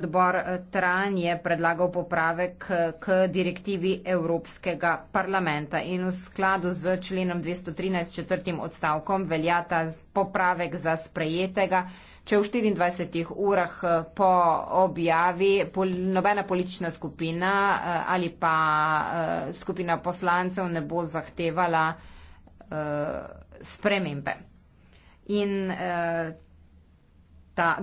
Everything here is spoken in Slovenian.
Odbor eh, Tran je predlagal popravek eh, k direktivi Evropskega parlamenta in v skladu z členom 213 četrtim odstavkom velja ta popravek za sprejetega, če v 24 urah eh, po objavi nobena politična skupina ali pa skupina poslancev ne bo zahtevala spremembe. In, ta